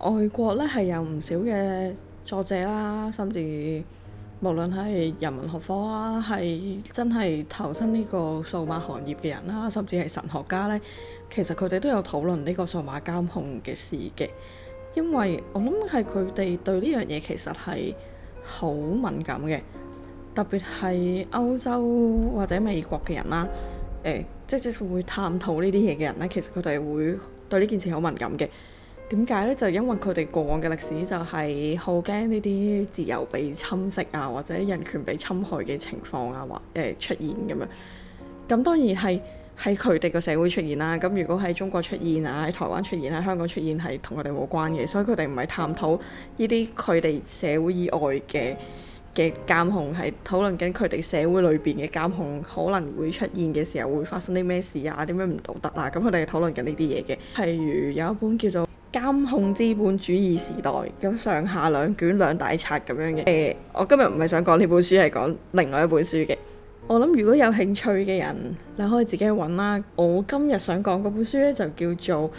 外國咧係有唔少嘅作者啦，甚至無論係人文學科啊，係真係投身呢個數碼行業嘅人啦，甚至係神學家咧，其實佢哋都有討論呢個數碼監控嘅事嘅。因為我諗係佢哋對呢樣嘢其實係好敏感嘅，特別係歐洲或者美國嘅人啦，誒、欸，即係即係會探討呢啲嘢嘅人咧，其實佢哋會對呢件事好敏感嘅。點解呢？就因為佢哋過往嘅歷史就係好驚呢啲自由被侵蝕啊，或者人權被侵害嘅情況啊，或、呃、誒出現咁樣。咁當然係喺佢哋個社會出現啦。咁如果喺中國出現啊，喺台灣出現，喺香港出現係同佢哋冇關嘅，所以佢哋唔係探討呢啲佢哋社會以外嘅嘅監控，係討論緊佢哋社會裏邊嘅監控可能會出現嘅時候會發生啲咩事啊，點樣唔道德啊。咁佢哋討論緊呢啲嘢嘅，譬如有一本叫做監控資本主義時代，咁上下兩卷兩大冊咁樣嘅，誒、欸，我今日唔係想講呢本書，係講另外一本書嘅。我諗如果有興趣嘅人，你可以自己去揾啦。我今日想講嗰本書咧就叫做《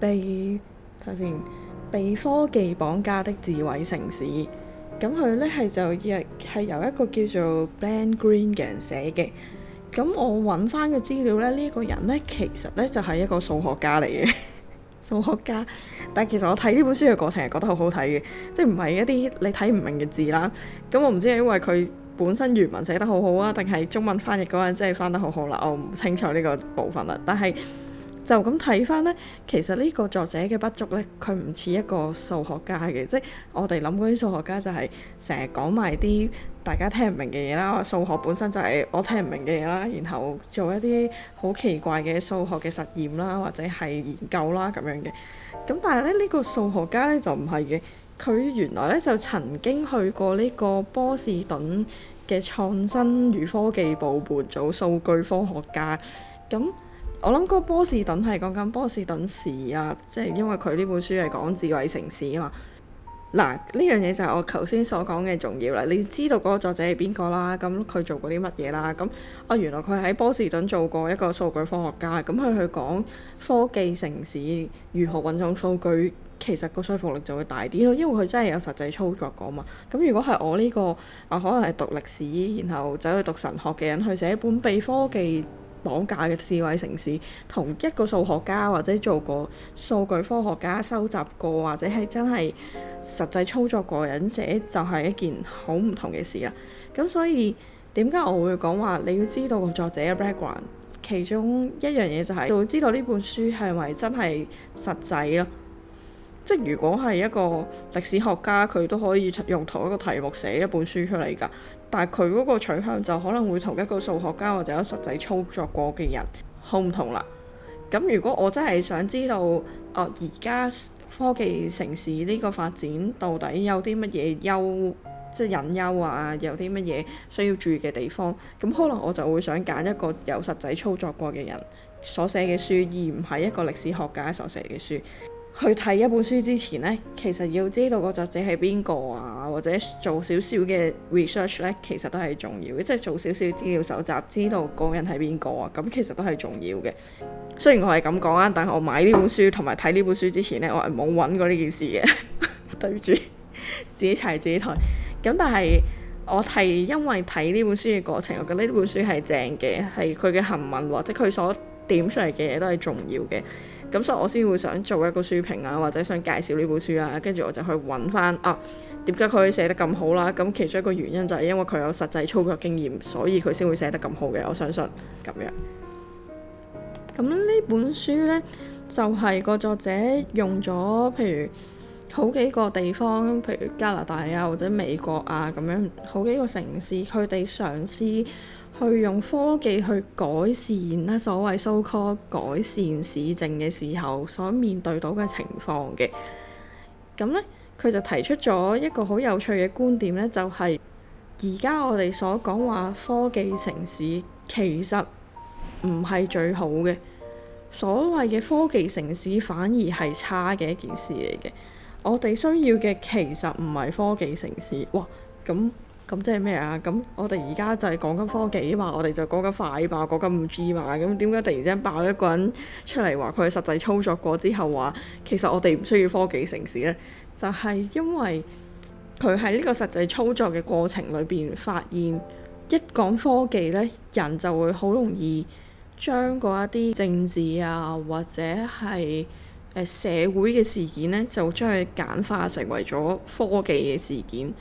被睇先》，《被科技綁架的智慧城市》。咁佢咧係就係由一個叫做 Ben Green 嘅人寫嘅。咁我揾翻嘅資料咧，呢、呢個人咧其實咧就係、係、一個數學家嚟嘅。數學家，但其實我睇呢本書嘅過程係覺得好好睇嘅，即係唔係一啲你睇唔明嘅字啦。咁我唔知係因為佢本身原文寫得好好啊，定係中文翻譯嗰陣真係翻得好好啦。我唔清楚呢個部分啦。但係就咁睇翻呢，其實呢個作者嘅不足呢，佢唔似一個數學家嘅，即係我哋諗嗰啲數學家就係成日講埋啲大家聽唔明嘅嘢啦，我數學本身就係我聽唔明嘅嘢啦，然後做一啲好奇怪嘅數學嘅實驗啦，或者係研究啦咁樣嘅。咁但係咧，呢個數學家咧就唔係嘅，佢原來咧就曾經去過呢個波士頓嘅創新與科技部門做數據科學家。咁我諗嗰個波士頓係講緊波士頓市啊，即係因為佢呢本書係講智慧城市啊嘛。嗱，呢樣嘢就係我頭先所講嘅重要啦。你知道嗰個作者係邊個啦？咁佢做過啲乜嘢啦？咁啊、哦，原來佢喺波士頓做過一個數據科學家。咁佢去講科技城市如何運用數據，其實個說服力就會大啲咯。因為佢真係有實際操作過嘛。咁如果係我呢、這個啊，可能係讀歷史，然後走去讀神學嘅人去寫本被科技。綁架嘅智慧城市，同一個數學家或者做過數據科學家收集過，或者係真係實際操作過嘅人寫，就係、是、一件好唔同嘅事啦。咁所以點解我會講話你要知道個作者嘅 background，其中一樣嘢就係、是、要知道呢本書係咪真係實際咯。即如果係一個歷史學家，佢都可以用同一個題目寫一本書出嚟㗎。但係佢嗰個取向就可能會同一個數學家或者有實際操作過嘅人好唔同啦。咁如果我真係想知道，哦而家科技城市呢個發展到底有啲乜嘢優，即係隱憂啊，有啲乜嘢需要注意嘅地方，咁可能我就會想揀一個有實際操作過嘅人所寫嘅書，而唔係一個歷史學家所寫嘅書。去睇一本書之前呢，其實要知道個作者係邊個啊，或者做少少嘅 research 呢，其實都係重要，即係做少少資料搜集，知道個人係邊個啊，咁其實都係重要嘅。雖然我係咁講啊，但係我買呢本書同埋睇呢本書之前呢，我係冇揾過呢件事嘅， 對唔住自己踩自己台。咁但係我係因為睇呢本書嘅過程，我覺得呢本書係正嘅，係佢嘅行文或者佢所點出嚟嘅嘢都係重要嘅。咁所以，我先會想做一個書評啊，或者想介紹呢本書啊，跟住我就去揾翻啊，點解佢寫得咁好啦，啊？咁其中一個原因就係因為佢有實際操作經驗，所以佢先會寫得咁好嘅。我相信咁樣。咁呢本書呢，就係、是、個作者用咗譬如好幾個地方，譬如加拿大啊，或者美國啊，咁樣好幾個城市，佢哋嘗試，去用科技去改善啦，所謂 so call 改善市政嘅時候所面對到嘅情況嘅，咁咧佢就提出咗一個好有趣嘅觀點咧、就是，就係而家我哋所講話科技城市其實唔係最好嘅，所謂嘅科技城市反而係差嘅一件事嚟嘅，我哋需要嘅其實唔係科技城市，哇咁。咁即係咩啊？咁我哋而家就係講緊科技啊嘛，我哋就講緊快爆，講緊五 G 嘛。咁點解突然之間爆一個人出嚟話佢實際操作過之後話，其實我哋唔需要科技城市咧？就係因為佢喺呢個實際操作嘅過程裏邊發現，一講科技咧，人就會好容易將嗰一啲政治啊，或者係誒社會嘅事件咧，就將佢簡化成為咗科技嘅事件。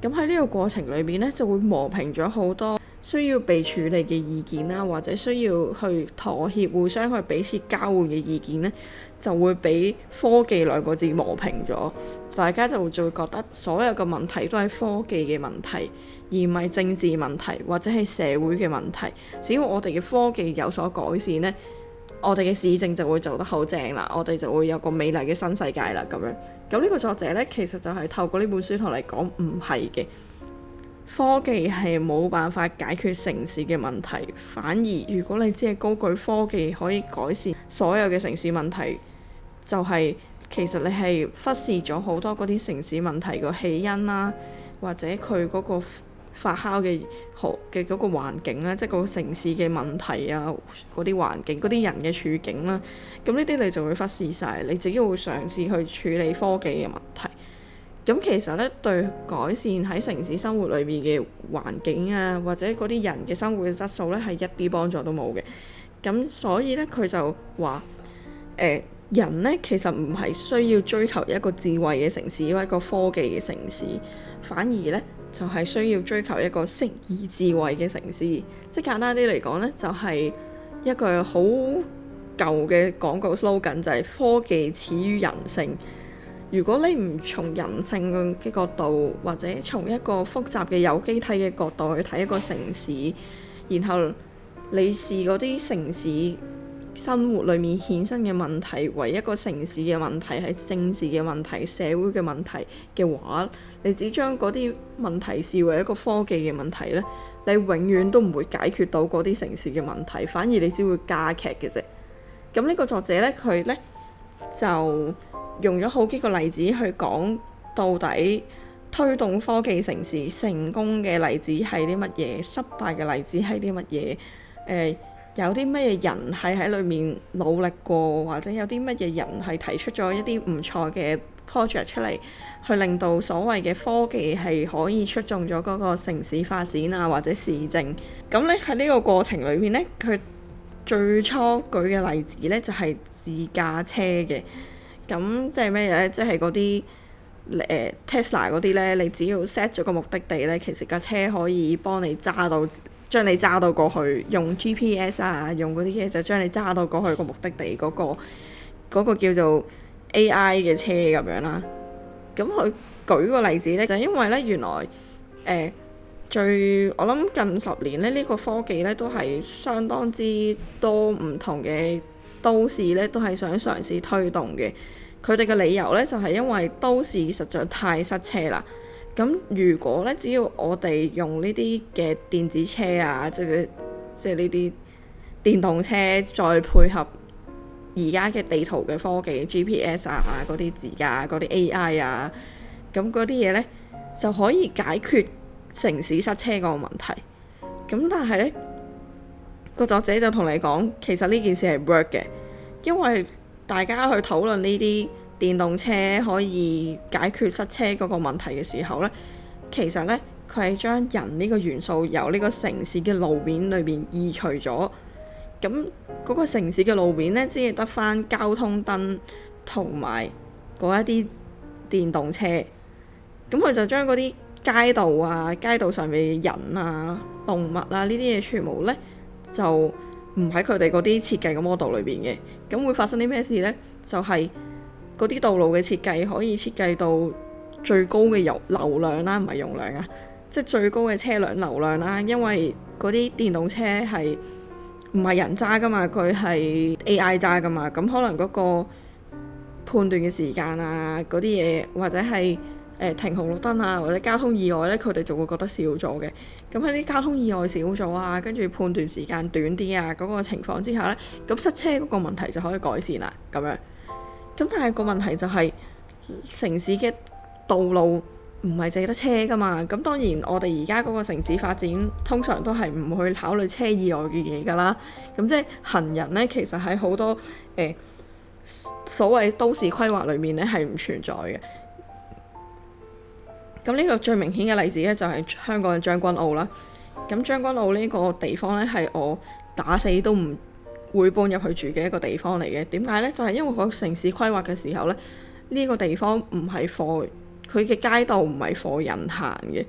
咁喺呢個過程裏邊呢，就會磨平咗好多需要被處理嘅意見啦，或者需要去妥協、互相去彼此交換嘅意見呢，就會俾科技兩個字磨平咗。大家就就會覺得所有嘅問題都係科技嘅問題，而唔係政治問題或者係社會嘅問題。只要我哋嘅科技有所改善呢，我哋嘅市政就會做得好正啦，我哋就會有個美麗嘅新世界啦咁樣。咁呢個作者呢，其實就係透過呢本書同你講，唔係嘅。科技係冇辦法解決城市嘅問題，反而如果你只係高舉科技可以改善所有嘅城市問題，就係其實你係忽視咗好多嗰啲城市問題個起因啦，或者佢嗰個。發酵嘅學嘅嗰個環境咧，即係個城市嘅問題啊，嗰啲環境、嗰啲人嘅處境啦，咁呢啲你就會忽視晒。你自己會嘗試去處理科技嘅問題。咁其實咧，對改善喺城市生活裏面嘅環境啊，或者嗰啲人嘅生活嘅質素咧，係一啲幫助都冇嘅。咁所以咧，佢就話：誒，人咧其實唔係需要追求一個智慧嘅城市，或者一個科技嘅城市，反而咧，就係需要追求一個適宜智慧嘅城市，即係簡單啲嚟講呢，就係、是、一個好舊嘅廣告 slogan 就係科技始於人性。如果你唔從人性嘅角度，或者從一個複雜嘅有機體嘅角度去睇一個城市，然後你視嗰啲城市生活裏面衍生嘅問題，唯一個城市嘅問題係政治嘅問題、社會嘅問題嘅話，你只將嗰啲問題視為一個科技嘅問題咧，你永遠都唔會解決到嗰啲城市嘅問題，反而你只會加劇嘅啫。咁呢個作者咧，佢咧就用咗好幾個例子去講到底推動科技城市成功嘅例子係啲乜嘢，失敗嘅例子係啲乜嘢。誒、呃。有啲乜嘢人係喺裏面努力過，或者有啲乜嘢人係提出咗一啲唔錯嘅 project 出嚟，去令到所謂嘅科技係可以促進咗嗰個城市發展啊，或者市政。咁咧喺呢個過程裏面咧，佢最初舉嘅例子咧就係自駕車嘅。咁即係咩咧？即係嗰啲誒 Tesla 嗰啲咧，你只要 set 咗個目的地咧，其實架車可以幫你揸到。將你揸到過去，用 GPS 啊，用嗰啲嘢就將你揸到過去個目的地，嗰個嗰個叫做 AI 嘅車咁樣啦。咁佢舉個例子呢，就因為呢，原來誒、呃、最我諗近十年呢，呢個科技呢，都係相當之多唔同嘅都市呢，都係想嘗試推動嘅。佢哋嘅理由呢，就係因為都市實在太塞車啦。咁如果咧，只要我哋用呢啲嘅電子車啊，即係即係呢啲電動車，再配合而家嘅地圖嘅科技 GPS 啊，嗰啲自駕、嗰啲 AI 啊，咁嗰啲嘢咧就可以解決城市塞車嗰個問題。咁但係咧，個作者就同你講，其實呢件事係 work 嘅，因為大家去討論呢啲。電動車可以解決塞車嗰個問題嘅時候呢，其實呢，佢係將人呢個元素由呢個城市嘅路面裏面移除咗。咁嗰個城市嘅路面呢，只係得返交通燈同埋嗰一啲電動車。咁佢就將嗰啲街道啊、街道上面嘅人啊、動物啊呢啲嘢，全部呢，就唔喺佢哋嗰啲設計嘅 model 裏邊嘅。咁會發生啲咩事呢？就係、是。嗰啲道路嘅設計可以設計到最高嘅油流量啦，唔係容量啊，即係最高嘅車輛流量啦。因為嗰啲電動車係唔係人揸㗎嘛，佢係 AI 揸㗎嘛，咁可能嗰個判斷嘅時間啊，嗰啲嘢或者係誒、呃、停紅綠燈啊，或者交通意外咧，佢哋就會覺得少咗嘅。咁喺啲交通意外少咗啊，跟住判斷時間短啲啊，嗰、嗰個情況之下咧，咁塞車嗰個問題就可以改善啦，咁樣。咁但係個問題就係、是、城市嘅道路唔係淨得車㗎嘛，咁當然我哋而家嗰個城市發展通常都係唔去考慮車以外嘅嘢㗎啦，咁即係行人咧，其實喺好多誒、呃、所謂都市規劃裏面咧係唔存在嘅。咁呢個最明顯嘅例子咧就係香港嘅將軍澳啦。咁將軍澳呢個地方咧係我打死都唔～會搬入去住嘅一個地方嚟嘅。點解呢？就係因為個城市規劃嘅時候呢，呢個地方唔係貨佢嘅街道唔係貨人行嘅，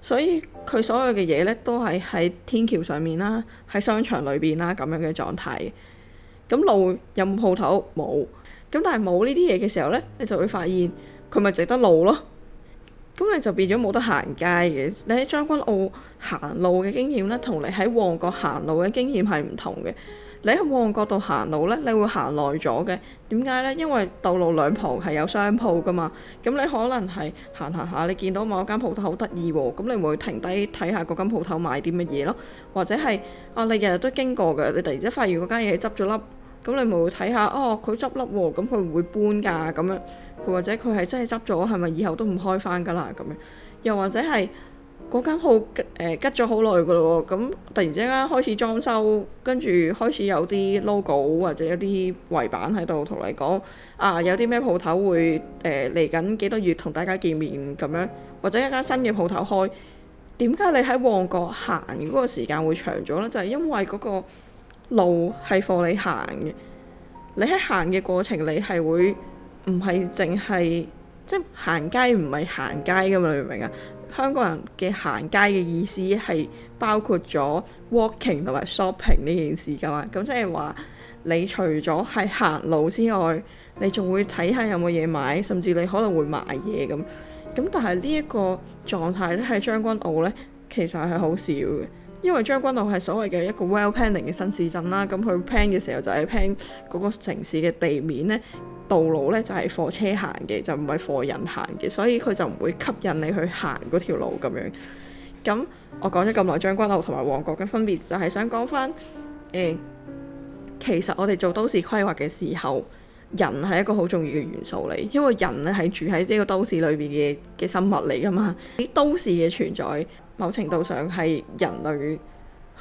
所以佢所有嘅嘢呢都係喺天橋上面啦，喺商場裏邊啦咁樣嘅狀態。咁路有冇鋪頭？冇。咁但係冇呢啲嘢嘅時候呢，你就會發現佢咪值得路咯。咁你就變咗冇得行街嘅。你喺將軍澳行路嘅經驗咧，同你喺旺角行路嘅經驗係唔同嘅。你喺旺角度行路咧，你會行耐咗嘅。點解咧？因為道路兩旁係有商鋪㗎嘛。咁你可能係行行下，你見到某一間鋪頭好得意喎，咁你會停低睇下嗰間鋪頭賣啲乜嘢咯。或者係啊，你日日都經過嘅，你突然之間發現嗰間嘢執咗笠。咁你咪會睇下哦，佢執笠喎，咁佢唔會搬㗎咁樣。或者佢係真係執咗，係咪以後都唔開返㗎啦？咁樣又或者係。嗰間鋪、呃、吉咗好耐㗎啦喎，咁、嗯、突然之間開始裝修，跟住開始有啲 logo 或者有啲圍板喺度同你講，啊有啲咩鋪頭會誒嚟緊幾多月同大家見面咁樣，或者一間新嘅鋪頭開，點解你喺旺角行嗰個時間會長咗呢？就係、是、因為嗰個路係放你行嘅，你喺行嘅過程你係會唔係淨係即係行街唔係行街㗎嘛？你明唔明啊？香港人嘅行街嘅意思係包括咗 walking 同埋 shopping 呢件事㗎嘛，咁即係話你除咗係行路之外，你仲會睇下有冇嘢買，甚至你可能會買嘢咁。咁但係呢一個狀態咧喺將軍澳咧，其實係好少嘅。因為將軍澳係所謂嘅一個 well planning 嘅新市鎮啦，咁佢 plan 嘅時候就係 plan 嗰個城市嘅地面咧，道路咧就係畀車行嘅，就唔係畀人行嘅，所以佢就唔會吸引你去行嗰條路咁樣。咁我講咗咁耐將軍澳同埋旺角嘅分別就，就係想講返誒，其實我哋做都市規劃嘅時候。人係一個好重要嘅元素嚟，因為人咧係住喺呢個都市裏邊嘅嘅生物嚟㗎嘛。啲都市嘅存在，某程度上係人類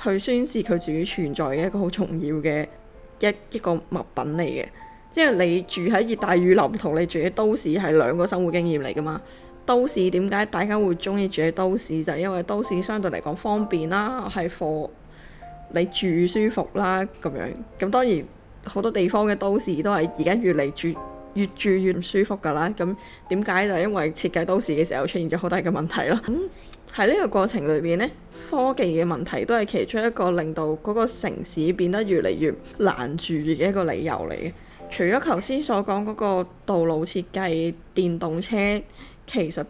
去宣示佢自己存在嘅一個好重要嘅一一個物品嚟嘅。即係你住喺熱帶雨林同你住喺都市係兩個生活經驗嚟㗎嘛。都市，點解大家會中意住喺都市，就係因為都市相對嚟講方便啦，係貨你住舒服啦咁樣。咁當然。好多地方嘅都市都係而家越嚟住越住越唔舒服㗎啦，咁點解？就係因為設計都市嘅時候出現咗好大嘅問題咯。咁喺呢個過程裏邊呢，科技嘅問題都係其中一個令到嗰個城市變得越嚟越難住嘅一個理由嚟嘅。除咗頭先所講嗰個道路設計、電動車，其實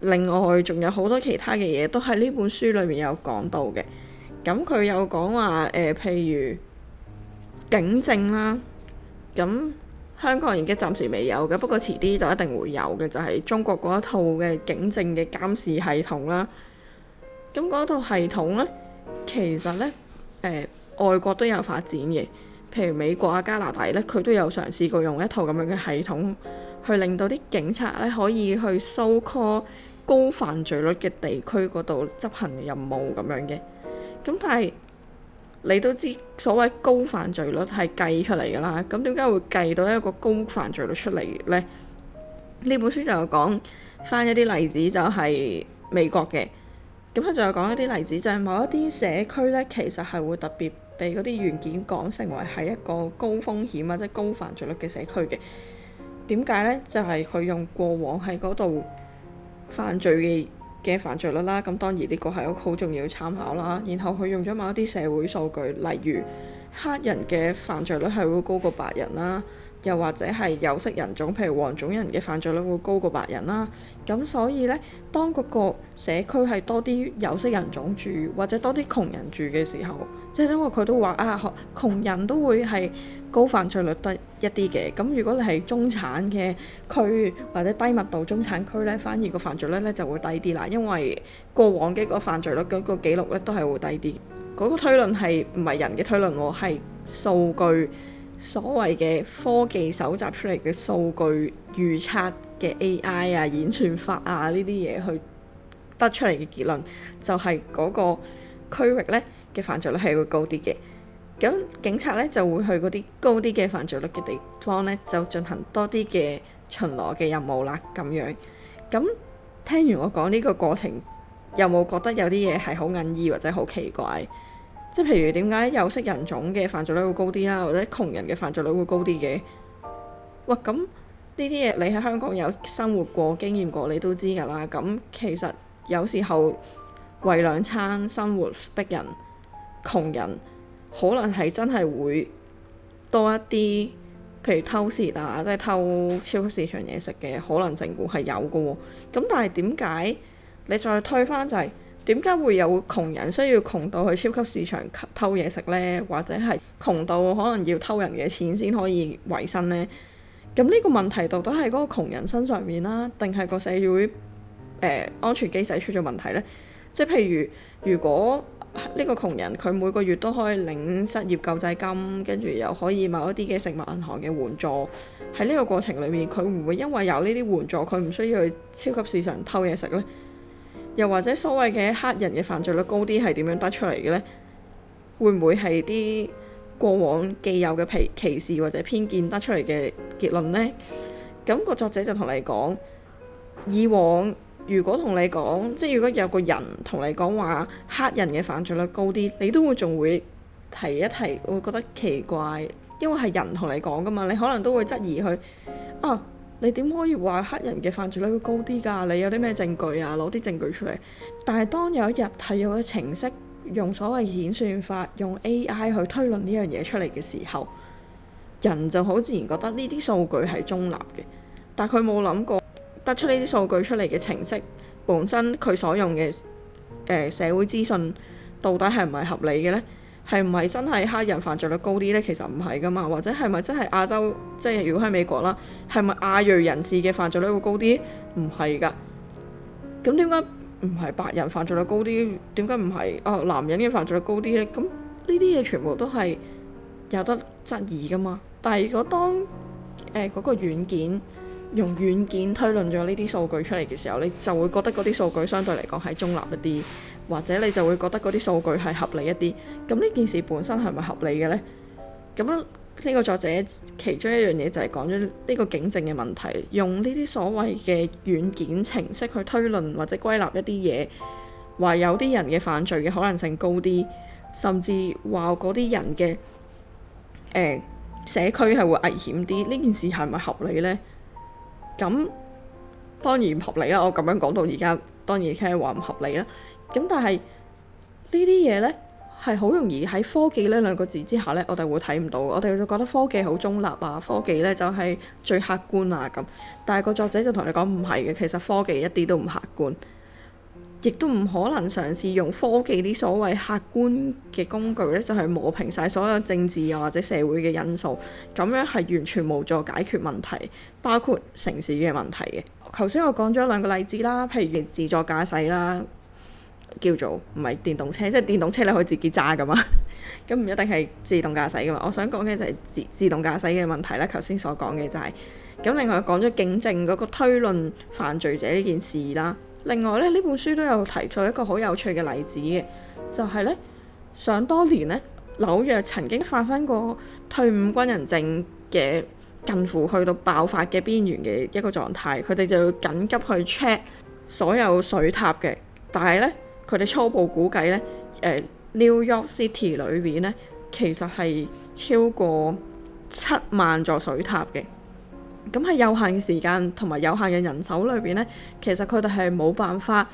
另外仲有好多其他嘅嘢都喺呢本書裏面有講到嘅。咁佢有講話誒，譬如。警政啦，咁香港而家暫時未有嘅，不過遲啲就一定會有嘅，就係、是、中國嗰一套嘅警政嘅監視系統啦。咁嗰套系統呢，其實呢，誒、呃，外國都有發展嘅，譬如美國啊、加拿大呢，佢都有嘗試過用一套咁樣嘅系統，去令到啲警察呢可以去收、so、call 高犯罪率嘅地區嗰度執行任務咁樣嘅。咁但係，你都知所謂高犯罪率係計出嚟㗎啦，咁點解會計到一個高犯罪率出嚟呢？呢本書就講翻一啲例子，就係美國嘅。咁佢就有講一啲例子，就係某一啲社區呢，其實係會特別被嗰啲軟件講成為係一個高風險或者、就係、高犯罪率嘅社區嘅。點解呢？就係、係、佢用過往喺嗰度犯罪嘅。嘅犯罪率啦，咁當然呢個係一個好重要嘅參考啦。然後佢用咗某一啲社會數據，例如黑人嘅犯罪率係會高過白人啦，又或者係有色人種譬如黃種人嘅犯罪率會高過白人啦。咁所以咧，當嗰個社區係多啲有色人種住，或者多啲窮人住嘅時候，即係因為佢都話啊，窮人都會係。高犯罪率低一啲嘅，咁如果你係中產嘅區或者低密度中產區呢，反而個犯罪率呢就會低啲啦，因為過往嘅個犯罪率嘅個記錄呢都係會低啲。嗰、那個推論係唔係人嘅推論喎，係數據所謂嘅科技搜集出嚟嘅數據預測嘅 AI 啊演算法啊呢啲嘢去得出嚟嘅結論，就係、是、嗰個區域呢嘅犯罪率係會高啲嘅。咁警察咧就會去嗰啲高啲嘅犯罪率嘅地方咧，就進行多啲嘅巡邏嘅任務啦。咁樣咁聽完我講呢個過程，有冇覺得有啲嘢係好隱意或者好奇怪？即係譬如點解有色人種嘅犯罪率會高啲啦，或者窮人嘅犯罪率會高啲嘅？哇！咁呢啲嘢你喺香港有生活過、經驗過，你都知㗎啦。咁其實有時候為兩餐生活逼人，窮人。可能係真係會多一啲，譬如偷竊啊，即係偷超級市場嘢食嘅可能性固係有嘅喎。咁但係點解你再推翻就係點解會有窮人需要窮到去超級市場偷嘢食呢？或者係窮到可能要偷人嘅錢先可以維生呢？咁呢個問題到底係嗰個窮人身上面啦，定係個社會、呃、安全機制出咗問題呢？即係譬如如果。呢個窮人佢每個月都可以領失業救濟金，跟住又可以某一啲嘅食物銀行嘅援助。喺呢個過程裏面，佢唔會因為有呢啲援助，佢唔需要去超級市場偷嘢食。呢又或者所謂嘅黑人嘅犯罪率高啲係點樣得出嚟嘅呢？會唔會係啲過往既有嘅歧視或者偏見得出嚟嘅結論呢？咁個作者就同你講，以往。如果同你講，即係如果有個人同你講話，黑人嘅犯罪率高啲，你都會仲會提一提，會覺得奇怪，因為係人同你講噶嘛，你可能都會質疑佢啊，你點可以話黑人嘅犯罪率會高啲㗎？你有啲咩證據啊？攞啲證據出嚟。但係當有一日睇到個程式，用所謂演算法用 AI 去推論呢樣嘢出嚟嘅時候，人就好自然覺得呢啲數據係中立嘅，但佢冇諗過。得出呢啲數據出嚟嘅程式，本身佢所用嘅誒、呃、社會資訊，到底係唔係合理嘅咧？係唔係真係黑人犯罪率高啲咧？其實唔係㗎嘛，或者係咪真係亞洲即係、即係、如果喺美國啦，係咪亞裔人士嘅犯罪率會高啲？唔係㗎。咁點解唔係白人犯罪率高啲？點解唔係啊男人嘅犯罪率高啲咧？咁呢啲嘢全部都係有得質疑㗎嘛。但係如果當誒嗰、呃嗰個軟件，用軟件推論咗呢啲數據出嚟嘅時候，你就會覺得嗰啲數據相對嚟講係中立一啲，或者你就會覺得嗰啲數據係合理一啲。咁呢件事本身係咪合理嘅呢？咁呢個作者其中一樣嘢就係講咗呢個警政嘅問題，用呢啲所謂嘅軟件程式去推論或者歸納一啲嘢，話有啲人嘅犯罪嘅可能性高啲，甚至話嗰啲人嘅、呃、社區係會危險啲。呢件事係咪合理呢？咁當然唔合理啦，我咁樣講到而家當然聽話唔合理啦。咁但係呢啲嘢呢，係好容易喺科技呢兩個字之下呢，我哋會睇唔到，我哋就覺得科技好中立啊，科技呢就係最客觀啊咁。但係個作者就同你講唔係嘅，其實科技一啲都唔客觀。亦都唔可能嘗試用科技啲所謂客觀嘅工具咧，就係磨平晒所有政治又或者社會嘅因素，咁樣係完全無助解決問題，包括城市嘅問題嘅。頭先我講咗兩個例子啦，譬如自助駕駛啦，叫做唔係電動車，即係電動車你可以自己揸噶嘛，咁 唔一定係自動駕駛噶嘛。我想講嘅就係自自動駕駛嘅問題啦。頭先所講嘅就係，咁另外講咗警政嗰個推論犯罪者呢件事啦。另外咧，呢本書都有提出一個好有趣嘅例子嘅，就係咧想當年咧紐約，曾經發生過退伍軍人症嘅近乎去到爆發嘅邊緣嘅一個狀態，佢哋就要緊急去 check 所有水塔嘅，但係咧佢哋初步估計咧，誒、呃、New York City 裏面咧其實係超過七萬座水塔嘅。咁喺有限嘅時間同埋有限嘅人手裏邊呢，其實佢哋係冇辦法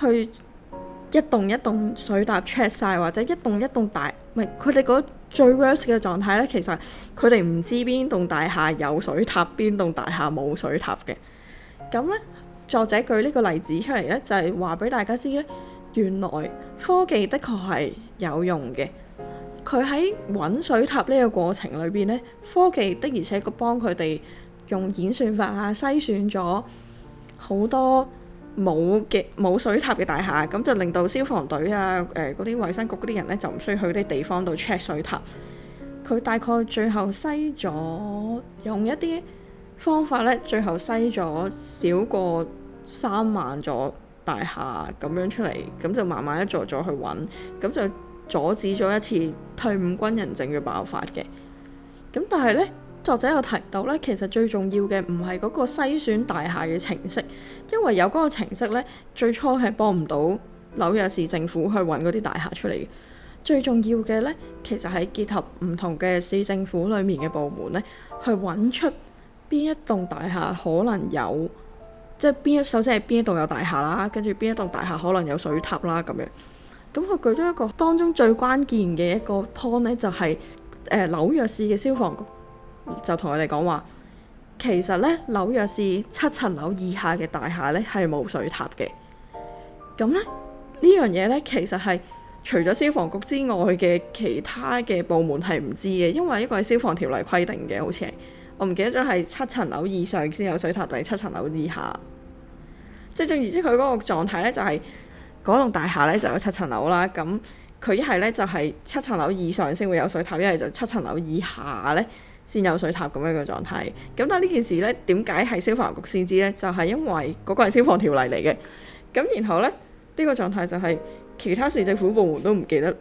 去一棟一棟水塔 check 晒，或者一棟一棟大，唔係佢哋嗰最 worst 嘅狀態呢，其實佢哋唔知邊棟大廈有水塔，邊棟大廈冇水塔嘅。咁呢，作者舉呢個例子出嚟呢，就係話俾大家知呢，原來科技的確係有用嘅。佢喺揾水塔呢個過程裏邊呢，科技的而且確幫佢哋。用演算法啊，篩選咗好多冇嘅冇水塔嘅大廈，咁就令到消防隊啊、誒嗰啲衛生局嗰啲人咧，就唔需要去啲地方度 check 水塔。佢大概最後篩咗用一啲方法咧，最後篩咗少過三萬座大廈咁樣出嚟，咁就慢慢一座一座去揾，咁就阻止咗一次退伍軍人症嘅爆發嘅。咁但係咧。作者有提到咧，其實最重要嘅唔係嗰個篩選大廈嘅程式，因為有嗰個程式咧，最初係幫唔到紐約市政府去揾嗰啲大廈出嚟嘅。最重要嘅咧，其實係結合唔同嘅市政府裡面嘅部門咧，去揾出邊一棟大廈可能有，即係邊首先係邊一棟有大廈啦，跟住邊一棟大廈可能有水塔啦咁樣。咁佢舉咗一個當中最關鍵嘅一個 point 咧，就是，就係誒紐約市嘅消防局。就同佢哋講話，其實咧紐約市七層樓以下嘅大廈咧係冇水塔嘅。咁咧呢樣嘢咧其實係除咗消防局之外嘅其他嘅部門係唔知嘅，因為呢個係消防條例規定嘅，好似係我唔記得咗係七層樓以上先有水塔，定係七層樓以下。即係總言之，佢嗰個狀態咧就係嗰棟大廈咧就有七層樓啦。咁佢一係咧就係、是、七層樓以上先會有水塔，一係就七層樓以下咧，先有水塔咁樣嘅狀態，咁但係呢件事呢點解係消防局先知呢？就係、是、因為嗰個係消防條例嚟嘅。咁然後呢，呢、這個狀態就係其他市政府部門都唔記得，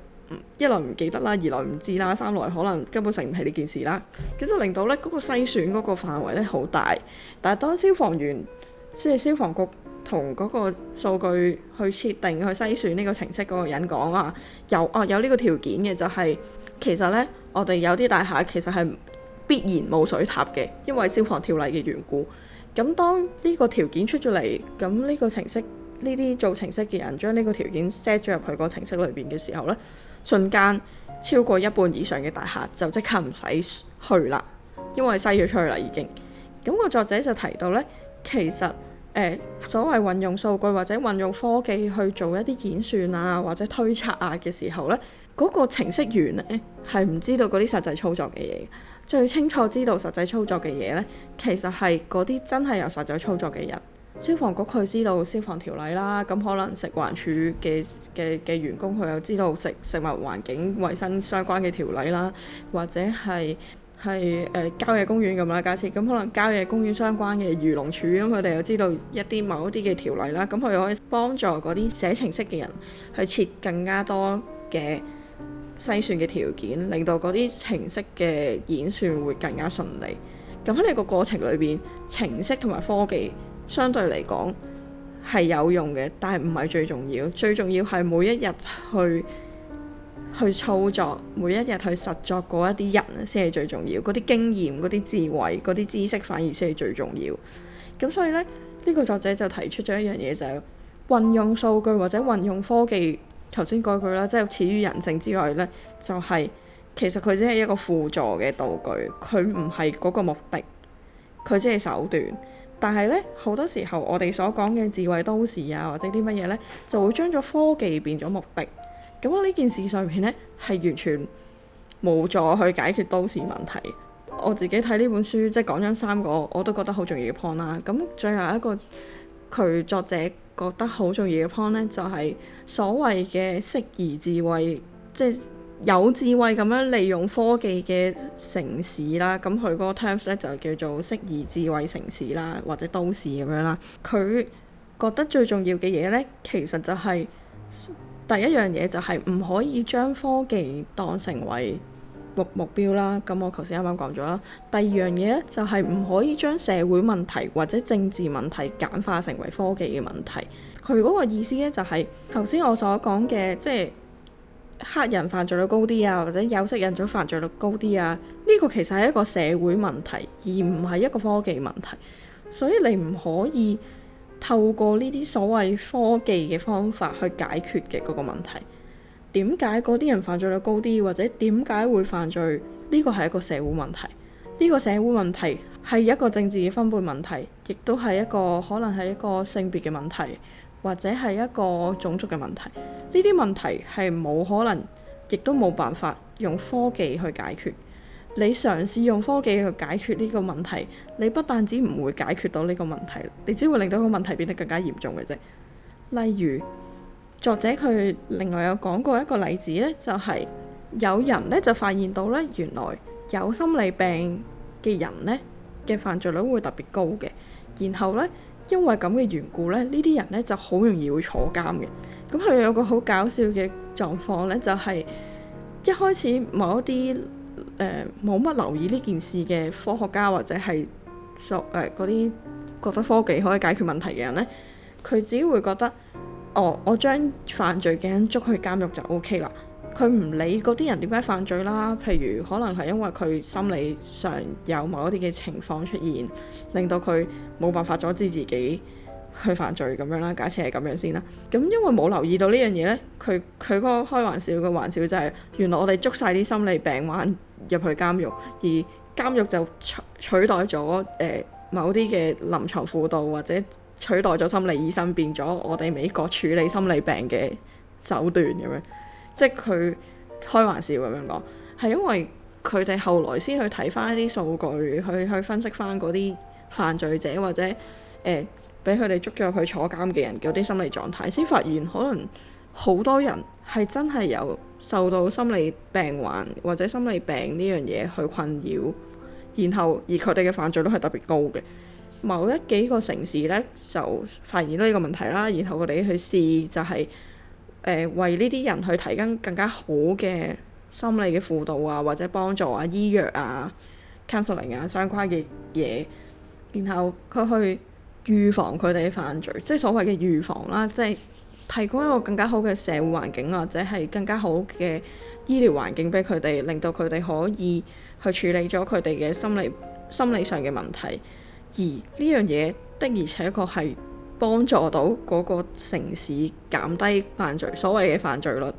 一來唔記得啦，二來唔知啦，三來可能根本成唔係呢件事啦。咁就令到呢嗰個篩選嗰個範圍呢好大，但係當消防員即係、就是、消防局同嗰個數據去設定去篩選呢個程式嗰、啊、個人講話有哦有呢個條件嘅就係、是、其實呢，我哋有啲大廈其實係。必然冇水塔嘅，因為消防條例嘅緣故。咁當呢個條件出咗嚟，咁呢個程式呢啲做程式嘅人將呢個條件 set 咗入去個程式裏邊嘅時候呢，瞬間超過一半以上嘅大廈就即刻唔使去啦，因為篩咗出去啦已經。咁、嗰個作者就提到呢，其實誒、呃、所謂運用數據或者運用科技去做一啲演算啊，或者推測啊嘅時候呢，嗰、嗰個程式員咧係唔知道嗰啲實際操作嘅嘢。最清楚知道實際操作嘅嘢呢，其實係嗰啲真係有實際操作嘅人。消防局佢知道消防條例啦，咁可能食環署嘅嘅嘅員工佢又知道食食物環境衞生相關嘅條例啦，或者係係誒郊野公園咁啦，假設咁可能郊野公園相關嘅漁農署咁佢哋又知道一啲某一啲嘅條例啦，咁佢又可以幫助嗰啲寫程式嘅人去設更加多嘅。篩選嘅條件，令到嗰啲程式嘅演算會更加順利。咁喺呢個過程裏邊，程式同埋科技相對嚟講係有用嘅，但係唔係最重要。最重要係每一日去去操作，每一日去實作嗰一啲人先係最重要。嗰啲經驗、嗰啲智慧、嗰啲知識反而先係最重要。咁所以呢，呢、呢個作者就提出咗一樣嘢就係、係、運用數據或者運用科技。頭先句啦，即係始於人性之外咧，就係、是、其實佢只係一個輔助嘅道具，佢唔係嗰個目的，佢只係手段。但係咧，好多時候我哋所講嘅智慧都市啊，或者啲乜嘢咧，就會將咗科技變咗目的。咁呢件事上面咧，係完全冇助去解決都市問題。我自己睇呢本書，即係講咗三個我都覺得好重要嘅 point 啦。咁最後一個，佢作者覺得好重要嘅 point 咧，就係所謂嘅適宜智慧，即係有智慧咁樣利用科技嘅城市啦。咁佢嗰個 terms 咧，就叫做適宜智慧城市啦，或者都市咁樣啦。佢覺得最重要嘅嘢咧，其實就係第一樣嘢，就係唔可以將科技當成為目目標啦，咁我頭先啱啱講咗啦。第二樣嘢咧，就係唔可以將社會問題或者政治問題簡化成為科技嘅問題。佢嗰個意思咧、就係，就係頭先我所講嘅，即係黑人犯罪率高啲啊，或者有色人種犯罪率高啲啊，呢、呢個其實係一個社會問題，而唔係一個科技問題。所以你唔可以透過呢啲所謂科技嘅方法去解決嘅嗰個問題。點解嗰啲人犯罪率高啲，或者點解會犯罪？呢個係一個社會問題。呢個社會問題係一個政治嘅分配問題，亦都係一個可能係一個性別嘅問題，或者係一個種族嘅問題。呢啲問題係冇可能，亦都冇辦法用科技去解決。你嘗試用科技去解決呢個問題，你不但止唔會解決到呢個問題，你只會令到個問題變得更加嚴重嘅啫。例如，作者佢另外有講過一個例子呢，就係有人呢就發現到呢，原來有心理病嘅人呢嘅犯罪率會特別高嘅。然後呢，因為咁嘅緣故呢，呢啲人呢就好容易會坐監嘅。咁佢有個好搞笑嘅狀況呢，就係一開始某一啲誒冇乜留意呢件事嘅科學家或者係作誒嗰啲覺得科技可以解決問題嘅人呢，佢只會覺得。哦，我將犯罪嘅人捉去監獄就 OK 啦。佢唔理嗰啲人點解犯罪啦，譬如可能係因為佢心理上有某一啲嘅情況出現，令到佢冇辦法阻止自己去犯罪咁樣啦。假設係咁樣先啦。咁因為冇留意到呢樣嘢呢，佢佢嗰個開玩笑嘅玩笑就係，原來我哋捉晒啲心理病患入去監獄，而監獄就取取代咗誒、呃、某啲嘅臨床輔導或者。取代咗心理醫生，變咗我哋美國處理心理病嘅手段咁樣，即係佢開玩笑咁樣講，係因為佢哋後來先去睇翻啲數據，去去分析翻嗰啲犯罪者或者誒俾佢哋捉咗去坐監嘅人嘅嗰啲心理狀態，先發現可能好多人係真係有受到心理病患或者心理病呢樣嘢去困擾，然後而佢哋嘅犯罪率係特別高嘅。某一幾個城市咧，就發現到呢個問題啦。然後佢哋去試就係、是、誒、呃、為呢啲人去提供更加好嘅心理嘅輔導啊，或者幫助啊、醫藥啊、counseling 啊相關嘅嘢。然後佢去預防佢哋嘅犯罪，即係所謂嘅預防啦、啊，即係提供一個更加好嘅社會環境或者係更加好嘅醫療環境俾佢哋，令到佢哋可以去處理咗佢哋嘅心理心理上嘅問題。而呢樣嘢的而且確係幫助到嗰個城市減低犯罪，所謂嘅犯罪率，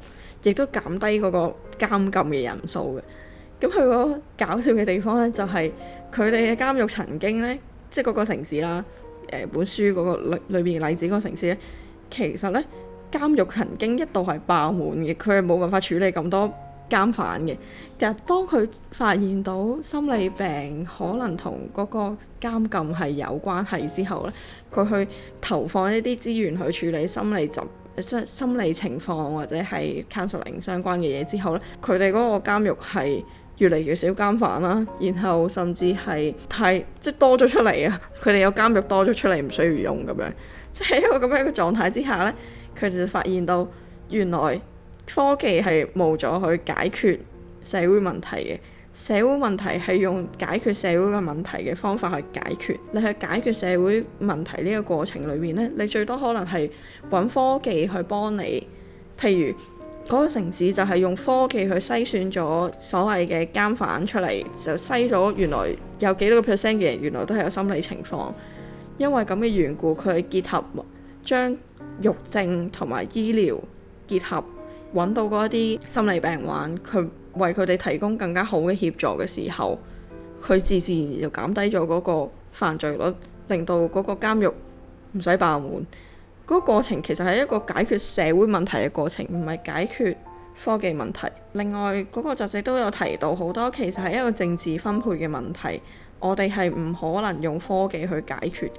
亦都減低嗰個監禁嘅人數嘅。咁佢個搞笑嘅地方呢，就係佢哋嘅監獄曾經呢，即係嗰個城市啦。誒、呃、本書嗰、嗰個裏面嘅例子嗰個城市呢，其實呢，監獄曾經一度係爆滿嘅，佢係冇辦法處理咁多，監犯嘅，其實當佢發現到心理病可能同嗰個監禁係有關係之後咧，佢去投放一啲資源去處理心理疾、相、呃、心理情況或者係 counseling 相關嘅嘢之後咧，佢哋嗰個監獄係越嚟越少監犯啦，然後甚至係太即係多咗出嚟啊！佢哋有監獄多咗出嚟唔需要用咁樣，即係一個咁樣嘅個狀態之下咧，佢就發現到原來。科技係冇咗去解決社會問題嘅，社會問題係用解決社會嘅問題嘅方法去解決。你去解決社會問題呢個過程裏面呢，你最多可能係揾科技去幫你。譬如嗰、那個城市就係用科技去篩選咗所謂嘅監犯出嚟，就篩咗原來有幾多個 percent 嘅人原來都係有心理情況。因為咁嘅緣故，佢係結合將獄政同埋醫療結合。揾到嗰啲心理病患，佢為佢哋提供更加好嘅協助嘅時候，佢自自然然就減低咗嗰個犯罪率，令到嗰個監獄唔使爆滿。嗰個過程其實係一個解決社會問題嘅過程，唔係解決科技問題。另外嗰個作者都有提到好多，其實係一個政治分配嘅問題，我哋係唔可能用科技去解決，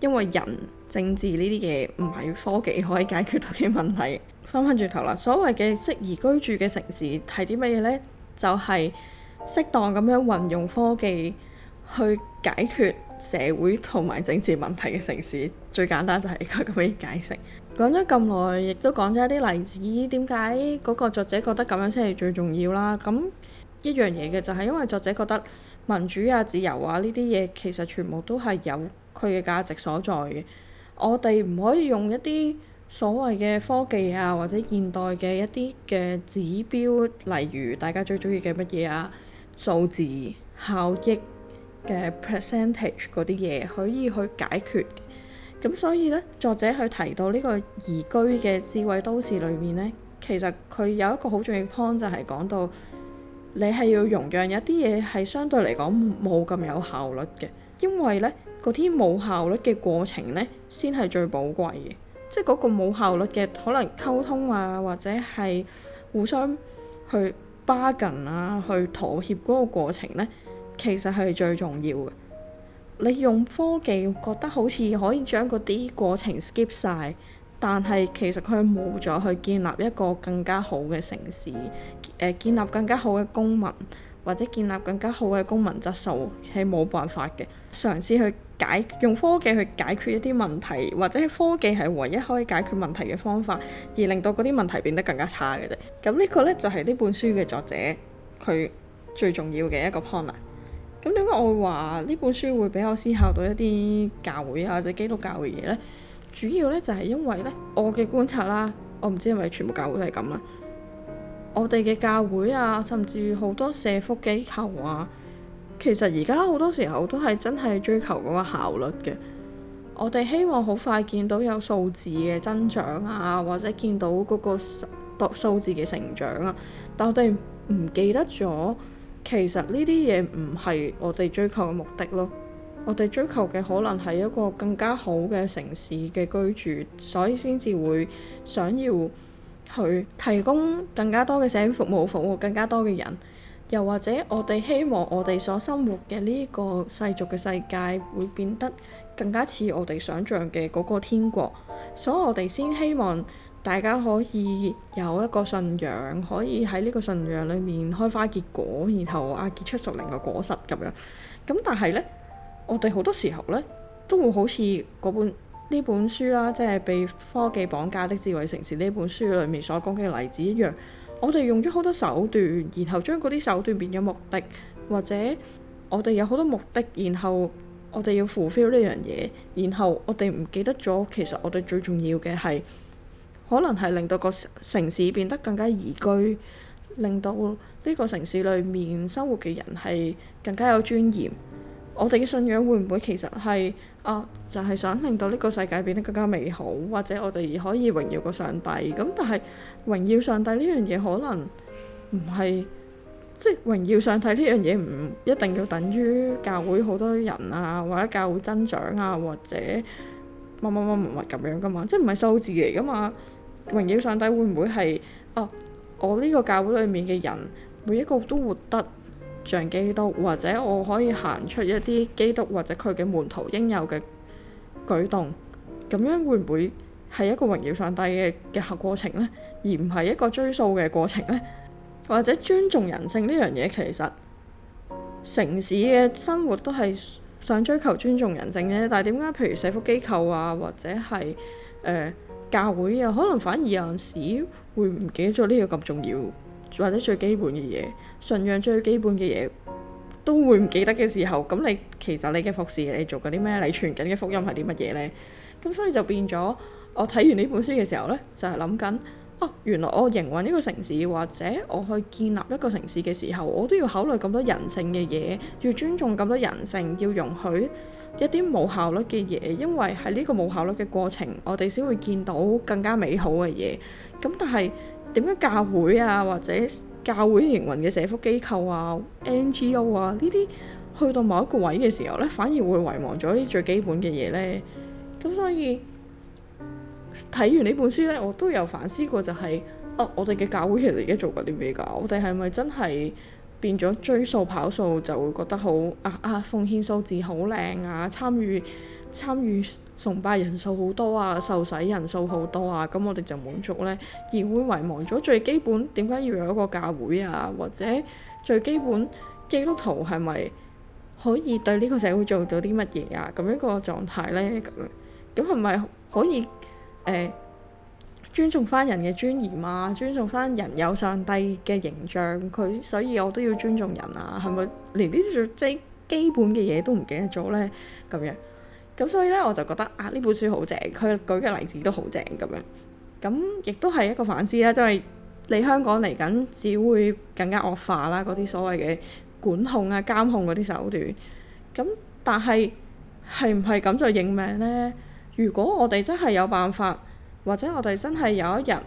因為人政治呢啲嘢唔係科技可以解決到嘅問題。翻返轉頭啦，所謂嘅適宜居住嘅城市係啲乜嘢呢？就係適當咁樣運用科技去解決社會同埋政治問題嘅城市。最簡單就係佢咁樣解釋。講咗咁耐，亦都講咗一啲例子，點解嗰個作者覺得咁樣先係最重要啦？咁一樣嘢嘅就係因為作者覺得民主啊、自由啊呢啲嘢其實全部都係有佢嘅價值所在嘅。我哋唔可以用一啲所謂嘅科技啊，或者現代嘅一啲嘅指標，例如大家最中意嘅乜嘢啊，數字效益嘅 percentage 嗰啲嘢，可以去解決嘅。咁所以呢，作者佢提到呢個宜居嘅智慧都市裏面呢，其實佢有一個好重要嘅 point 就係講到你係要容讓有啲嘢係相對嚟講冇咁有效率嘅，因為呢嗰啲冇效率嘅過程呢，先係最寶貴嘅。即係嗰個冇效率嘅可能溝通啊，或者係互相去 bargain 啊，去妥協嗰個過程咧，其實係最重要嘅。你用科技覺得好似可以將嗰啲過程 skip 晒，但係其實佢冇咗去建立一個更加好嘅城市，誒建立更加好嘅公民。或者建立更加好嘅公民質素係冇辦法嘅。嘗試去解用科技去解決一啲問題，或者係科技係唯一可以解決問題嘅方法，而令到嗰啲問題變得更加差嘅啫。咁呢個呢，就係呢本書嘅作者佢最重要嘅一個 point 啦。咁點解我會話呢本書會比較思考到一啲教會呀或者基督教嘅嘢呢？主要呢，就係因為呢，我嘅觀察啦，我唔知係咪全部教會都係咁啦。我哋嘅教會啊，甚至好多社福機構啊，其實而家好多時候都係真係追求嗰個效率嘅。我哋希望好快見到有數字嘅增長啊，或者見到嗰個數字嘅成長啊。但我哋唔記得咗，其實呢啲嘢唔係我哋追求嘅目的咯。我哋追求嘅可能係一個更加好嘅城市嘅居住，所以先至會想要。去提供更加多嘅社會服務，服務更加多嘅人，又或者我哋希望我哋所生活嘅呢個世俗嘅世界會變得更加似我哋想像嘅嗰個天國。所以我哋先希望大家可以有一個信仰，可以喺呢個信仰裏面開花結果，然後啊結出屬靈嘅果實咁樣。咁但係呢，我哋好多時候呢都會好似嗰本。呢本書啦，即係《被科技綁架的智慧城市》呢本書裡面所講嘅例子一樣，我哋用咗好多手段，然後將嗰啲手段變咗目的，或者我哋有好多目的，然後我哋要 fulfil 呢樣嘢，然後我哋唔記得咗，其實我哋最重要嘅係，可能係令到個城市變得更加宜居，令到呢個城市裏面生活嘅人係更加有尊嚴。我哋嘅信仰會唔會其實係啊，就係想令到呢個世界變得更加美好，或者我哋可以榮耀個上帝咁？但係榮耀上帝呢樣嘢可能唔係，即係榮耀上帝呢樣嘢唔一定要等於教會好多人啊，或者教會增長啊，或者乜乜乜乜咁樣噶嘛，即係唔係數字嚟噶嘛？榮耀上帝會唔會係啊？我呢個教會裡面嘅人每一個都活得像基督，或者我可以行出一啲基督或者佢嘅門徒應有嘅舉動，咁樣會唔會，係一個榮耀上帝嘅嘅核過程咧？而唔係一個追數嘅過程咧？或者尊重人性呢樣嘢，其實城市嘅生活都係想追求尊重人性嘅，但係點解譬如社福機構啊，或者係誒、呃、教會啊，可能反而有陣時會唔記得咗呢個咁重要？或者最基本嘅嘢，信仰最基本嘅嘢都會唔記得嘅時候，咁你其實你嘅服侍，你做嗰啲咩？你傳緊嘅福音係啲乜嘢咧？咁所以就變咗，我睇完呢本書嘅時候咧，就係諗緊哦，原來我營運一個城市，或者我去建立一個城市嘅時候，我都要考慮咁多人性嘅嘢，要尊重咁多人性，要容許一啲冇效率嘅嘢，因為喺呢個冇效率嘅過程，我哋先會見到更加美好嘅嘢。咁但係。點解教會啊，或者教會營運嘅社福機構啊、NGO 啊呢啲去到某一個位嘅時候咧，反而會遺忘咗啲最基本嘅嘢咧？咁所以睇完呢本書咧，我都有反思過，就是，就係啊，我哋嘅教會其實而家做緊啲咩㗎？我哋係咪真係變咗追數跑數就會覺得好啊啊奉獻數字好靚啊？參與參與。崇拜人數好多啊，受洗人數好多啊，咁我哋就滿足咧，而會遺忘咗最基本點解要有一個教會啊，或者最基本基督徒係咪可以對呢個社會做到啲乜嘢啊？咁一個狀態咧，咁樣咁係咪可以誒、呃、尊重翻人嘅尊嚴啊？尊重翻人有上帝嘅形象，佢所以我都要尊重人啊。係咪連呢啲最基本嘅嘢都唔記得咗咧？咁樣。咁所以咧，我就覺得啊，呢本書好正，佢舉嘅例子都好正咁樣。咁亦都係一個反思啦，即係你香港嚟緊只會更加惡化啦，嗰啲所謂嘅管控啊、監控嗰啲手段。咁但係係唔係咁就認命呢？如果我哋真係有辦法，或者我哋真係有一日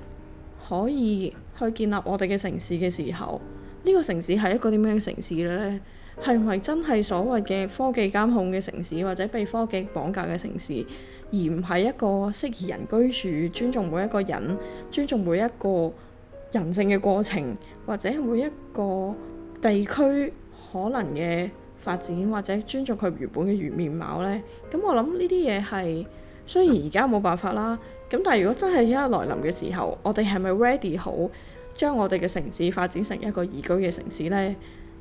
可以去建立我哋嘅城市嘅時候，呢個城市係一個點樣嘅城市咧？係唔係真係所謂嘅科技監控嘅城市，或者被科技綁架嘅城市，而唔係一個適宜人居住、尊重每一個人、尊重每一個人性嘅過程，或者每一個地區可能嘅發展，或者尊重佢原本嘅原面貌呢？咁我諗呢啲嘢係雖然而家冇辦法啦，咁但係如果真係一來臨嘅時候，我哋係咪 ready 好將我哋嘅城市發展成一個宜居嘅城市呢？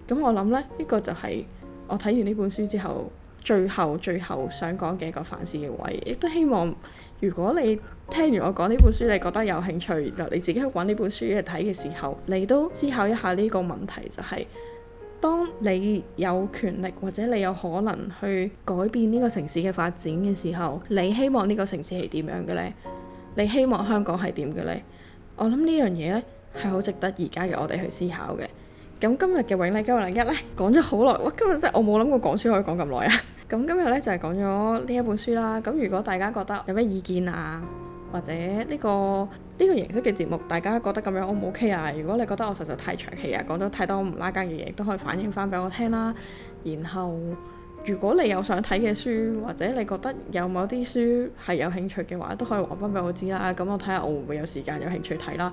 咁我諗咧，呢個就係我睇完呢本書之後，最後最後想講嘅一個反思嘅位，亦都希望如果你聽完我講呢本書，你覺得有興趣，就你自己去揾呢本書去睇嘅時候，你都思考一下呢個問題，就係當你有權力或者你有可能去改變呢個城市嘅發展嘅時候，你希望呢個城市係點樣嘅咧？你希望香港係點嘅咧？我諗呢樣嘢咧，係好值得而家嘅我哋去思考嘅。咁今日嘅永麗九零一咧，講咗好耐，我今日真係我冇諗過講書可以講咁耐啊！咁 今日咧就係、是、講咗呢一本書啦。咁如果大家覺得有咩意見啊，或者呢、呢個呢、呢個形式嘅節目大家覺得咁樣 O 唔 OK 啊？如果你覺得我實在太長氣啊，講咗太多唔拉更嘅嘢，都可以反映翻俾我聽啦、啊。然後。如果你有想睇嘅書，或者你覺得有某啲書係有興趣嘅話，都可以話翻俾我知啦。咁我睇下我會唔會有時間有興趣睇啦。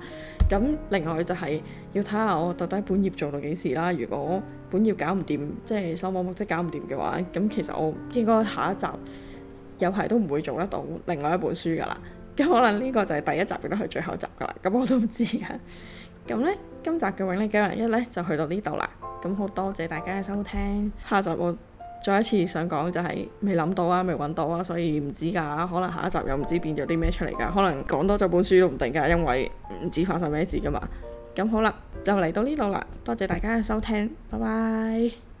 咁另外就係要睇下我到底本業做到幾時啦。如果本業搞唔掂，即係收網，即搞唔掂嘅話，咁其實我應該下一集有排都唔會做得到另外一本書㗎啦。咁可能呢個就係第一集亦都係最後集㗎啦。咁我都唔知嘅。咁 呢，今集嘅永力九零一呢，就去到呢度啦。咁好多謝大家嘅收聽，下集我～再一次想講就係未諗到啊，未揾到啊，所以唔知㗎，可能下一集又唔知變咗啲咩出嚟㗎，可能講多咗本書都唔定㗎，因為唔知發生咩事㗎嘛。咁好啦，就嚟到呢度啦，多謝大家嘅收聽，拜拜。